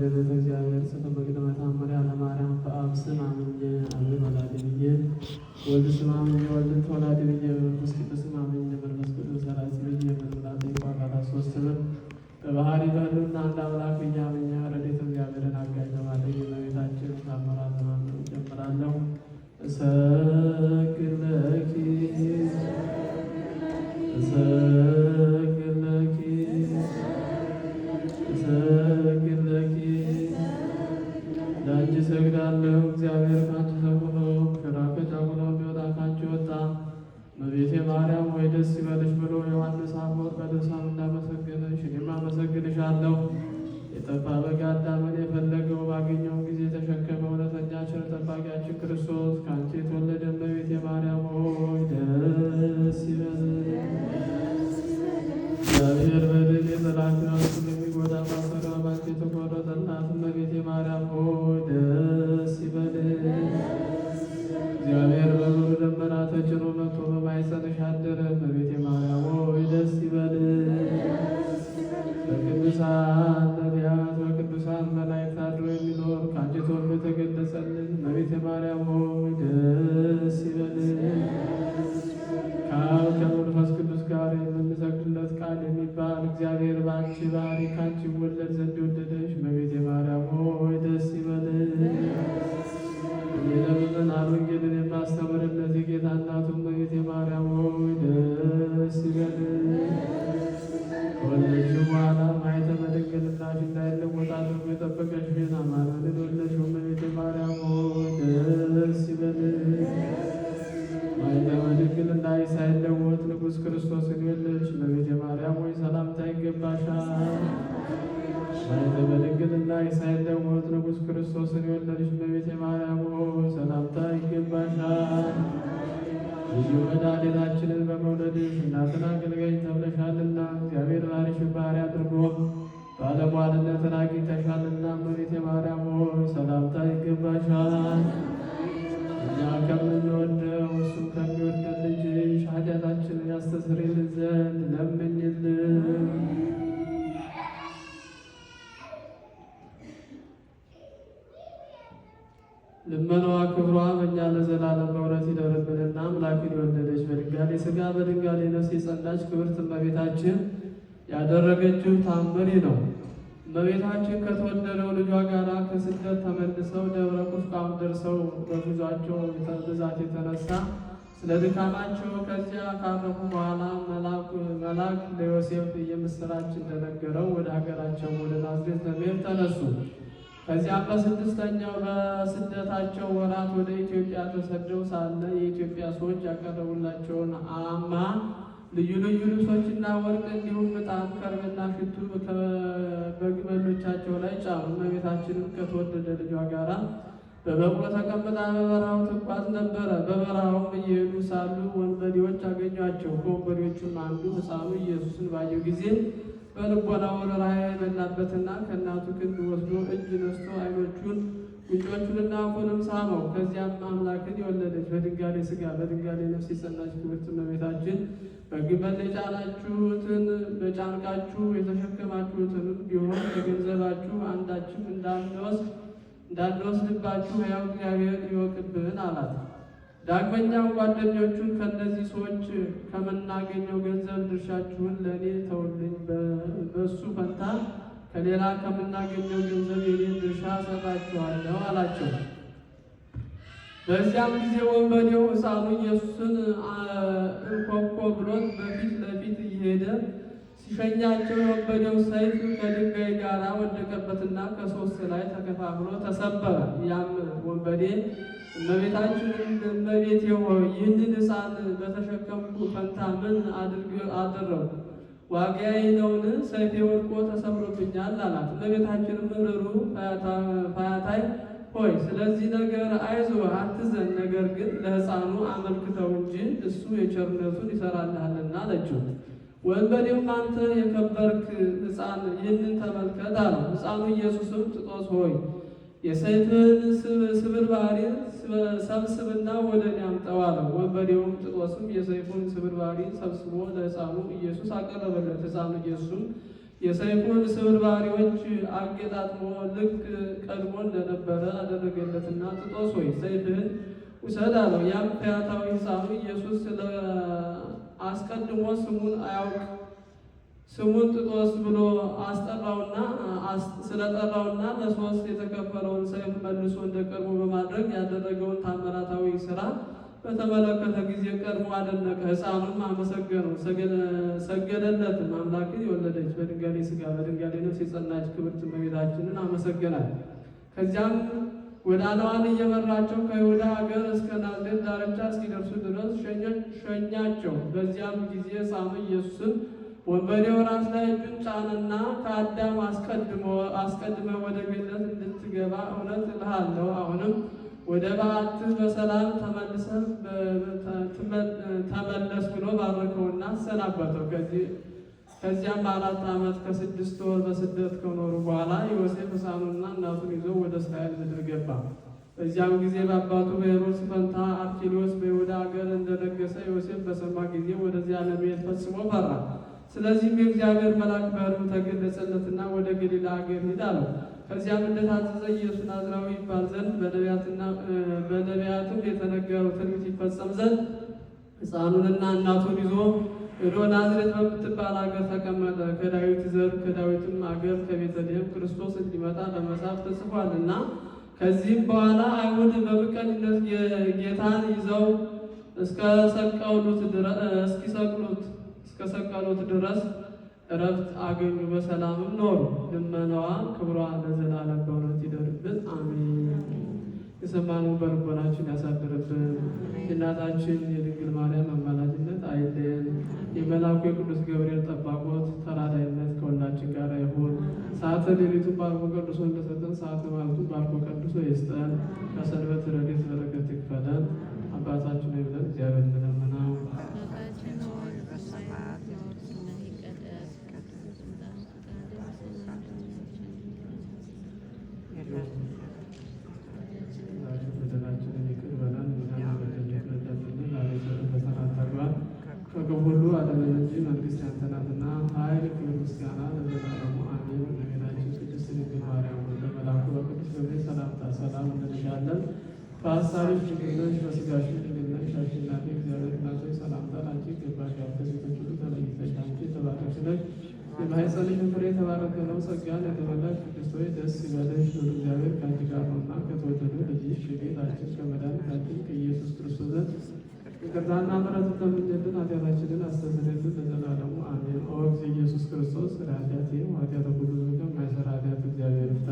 Gracias, እሰግዳለሁ። እግዚአብሔር ከአንቺ ተውለው ከራቀ ጫጉላው ቢወጣ ከአንቺ ወጣ። እመቤቴ ማርያም ወይ ደስ ይበልሽ ብሎ ዮሐንስ አፈወርቅ በልብሷ እንዳመሰገነሽ እኔም አመሰግንሻለሁ። የጠፋ በግ አዳመ በሰማያት አድሮ የሚኖር ከአንቺ ተወልዶ የተገለጸልን በቤተ ማርያም ሆይ ደስ ይበልን። ከአብ ከመንፈስ ቅዱስ ጋር የምንሰግድለት ቃል የሚባል እግዚአብሔር በአንቺ ባህሪ ከአንቺ የዳዊት ንጉሥ ክርስቶስን የወለደች እመቤት ማርያም ሆይ ሰላምታ ይገባሻል። ልዩ መድኃኒታችንን በመውለድሽ እናትን አገልጋይ ተብለሻልና እግዚአብሔር ባሪሽን ባሪያ አድርጎ ባለሟልነትን አግኝተሻልና እመቤት ማርያም ሆይ ሰላምታ ይገባሻል። እኛ ከምንወደው እሱ ከሚወደን ልጅሽ ኃጢአታችንን ያስተሰርይልን ዘንድ ለምኝልን። ልመናዋ ክብሯ በእኛ ለዘላለም በእውነት ይደርብንና አምላክን የወለደች በድንጋሌ ስጋ በድንጋሌ ነፍስ የጸናች ክብርት እመቤታችን ያደረገችው ታምሪ ነው። እመቤታችን ከተወደደው ልጇ ጋር ከስደት ተመልሰው ደብረ ቁስቋም ደርሰው በጉዟቸው ብዛት የተነሳ ስለ ድካማቸው ከዚያ ካረፉ በኋላ መልአክ ለዮሴፍ የምስራች እንደነገረው ወደ ሀገራቸው ወደ ናዝሬት ለመሄድ ተነሱ። ከዚያም በስድስተኛው በስደታቸው ወራት ወደ ኢትዮጵያ ተሰደው ሳለ የኢትዮጵያ ሰዎች ያቀረቡላቸውን አማ ልዩ ልዩ ልብሶችና ወርቅ እንዲሁም ዕጣን፣ ከርቤና ሽቱ በግመሎቻቸው ላይ ጫኑ። እመቤታችንም ከተወደደ ልጇ ጋራ በበቅሎ ተቀምጣ በበረሃው ትጓዝ ነበረ። በበረሃውም እየሄዱ ሳሉ ወንበዴዎች አገኟቸው። ከወንበዴዎቹም አንዱ ሕፃኑ ኢየሱስን ባየው ጊዜ በልቦናው ወረራ የበላበትና ከእናቱ ክንድ ወስዶ እጅ ነስቶ ዓይኖቹን ጉንጮቹንና አፉንም ሳመው። ከዚያም አምላክን የወለደች በድንጋሌ ስጋ በድንጋሌ ነፍስ የጸናች ክብርት እመቤታችን በግመል የጫናችሁትን በጫንቃችሁ የተሸከማችሁትን ቢሆን ከገንዘባችሁ አንዳችም እንዳንወስድባችሁ ሕያው እግዚአብሔር ይወቅብን አላት። ዳግመኛም ጓደኞቹን ከእነዚህ ሰዎች ከምናገኘው ገንዘብ ድርሻችሁን ለእኔ ተውልኝ፣ በእሱ ፈንታ ከሌላ ከምናገኘው ገንዘብ የኔን ድርሻ ሰጣችኋለሁ አላቸው። በዚያም ጊዜ ወንበዴው ሕፃኑ ኢየሱስን እንኮኮ ብሎት በፊት ለፊት እየሄደ ሲሸኛቸው የወንበዴው ሰይፍ ከድንጋይ ጋር ወደቀበትና ከሶስት ላይ ተከፋፍሎ ተሰበረ። ያም ወንበዴ እመቤታችንን እመቤቴ ሆይ ይህንን ሕፃን በተሸከምኩ ፈንታ ምን አደረጉ? ዋጋዬ ነውን? ሰይፌ ወድቆ ተሰብሮብኛል አላት። እመቤታችንም ምርሩ ፈያታይ ሆይ ስለዚህ ነገር አይዞ አትዘን፣ ነገር ግን ለሕፃኑ አመልክተው እንጂ እሱ የቸርነቱን ይሰራልሃልና አለችው። ወንበዴው አንተ የከበርክ ሕፃን ይህንን ተመልከት አለው። ሕፃኑ ኢየሱስም ጥጦስ ሆይ የሰይፍህን ስብር ባህሪ ሰብስብና ወደ እኔ አምጣው አለው። ወንበዴውም ጥጦስም የሰይፉን ስብር ባህሪ ሰብስቦ ለሕፃኑ ኢየሱስ አቀረበለት። ሕፃኑ ኢየሱስም የሰይፉን ስብር ባህሪዎች አገጣጥሞ ልክ ቀድሞ እንደነበረ አደረገለትና ጥጦስ ሆይ ሰይፍህን ውሰድ አለው። ያም ፈያታዊ ሕፃኑ ኢየሱስ አስቀድሞ ስሙን አያውቅ ስሙን ጥጦስ ብሎ አስጠራውና ስለጠራውና ለሶስት የተከፈለውን ሰይፍ መልሶ እንደ ቀድሞ በማድረግ ያደረገውን ታምራታዊ ስራ በተመለከተ ጊዜ ቀድሞ አደነቀ። ሕፃኑም አመሰገነው፣ ሰገደለትም። አምላክን የወለደች በድንጋሌ ስጋ በድንጋሌ ነፍስ የጸናች ክብርት እመቤታችንን አመሰገናል። ከዚያም ወደ አለዋን እየመራቸው ከይሁዳ ሀገር እስከ ናዝሬት ዳርቻ እስኪደርሱ ድረስ ሸኛቸው። በዚያም ጊዜ ሳም ኢየሱስን ወንበዴው ራስ ላይ እጁን ጫንና ከአዳም አስቀድመ ወደ ገነት እንድትገባ እውነት እልሃለሁ አሁንም ወደ በዓትህ በሰላም ተመልሰህ ተመለስ ብሎ ባረከውና አሰናበተው። ከዚያም በአራት ዓመት ከስድስት ወር በስደት ከኖሩ በኋላ ዮሴፍ ሕፃኑና እናቱን ይዞ ወደ እስራኤል ምድር ገባ። በዚያም ጊዜ በአባቱ በሄሮድስ ፈንታ አርኪሎስ በይሁዳ አገር እንደነገሰ ዮሴፍ በሰማ ጊዜ ወደዚያ ለመሄድ ፈጽሞ ፈራ። ስለዚህም የእግዚአብሔር መልአክ በሕልም ተገለጸለትና ወደ ገሊላ አገር ሂድ አለው። ከዚያም እንደታዘዘ ኢየሱስ ናዝራዊ ይባል ዘንድ በነቢያትም የተነገረው ትንቢት ይፈጸም ዘንድ ሕፃኑንና እናቱን ይዞ ወደ ናዝሬት በምትባል አገር ተቀመጠ። ከዳዊት ዘር ከዳዊትም አገር ከቤተልሔም ክርስቶስ እንዲመጣ በመጽሐፍ ተጽፏልና። ከዚህም በኋላ አይሁድ በምቀኝነት ጌታን ይዘው እስኪሰቅሉት እስከሰቀሉት ድረስ እረፍት አገኙ፣ በሰላምም ኖሩ። ልመናዋ ክብሯ ለዘላለም በእውነት ይደርብን። የሰማነው በልቦናችን ያሳድርብን። የእናታችን የድንግል ማርያም አማላጅነት አይለየን። የመላኩ የቅዱስ ገብርኤል ጠባቆት ተራዳይነት ከሁላችን ጋር ይሁን። ሰዓተ ሌሊቱን ባርኮ ቀድሶ እንደሰጠን ሰዓተ ማለቱን ባርኮ ቀድሶ ይስጠን። ከሰንበት ረድኤት በረከት ይክፈለን። አባታችን ብለን እግዚአብሔር እንለምነው። በሀሳብ ችግሮች በስጋሽ ችግሮች ሻሽና እግዚአብሔር እናቶች ሰላምታ አንቺ ገባሽ ያለ ሴቶች ሁሉ ተለይተሽ አንቺ የተባረክሽ ነሽ። የማኅፀንሽ ፍሬ የተባረከ ነው። ጸጋን የተመላሽ ቅድስት ሆይ ደስ ይበለሽ፣ እግዚአብሔር ከአንቺ ጋር ነውና ከተወደደ ልጅሽ ከጌታችን ከመድኃኒታችን ከኢየሱስ ክርስቶስ ይቅርታና ምሕረት ለምንልን ኃጢአታችንን አስተሰርይልን ለዘላለም ኦ ኢየሱስ ክርስቶስ ስለ ኃጢአቴ ኃጢአተ ሁሉ ማይሰራ ኃጢአት እግዚአብሔር ፍታ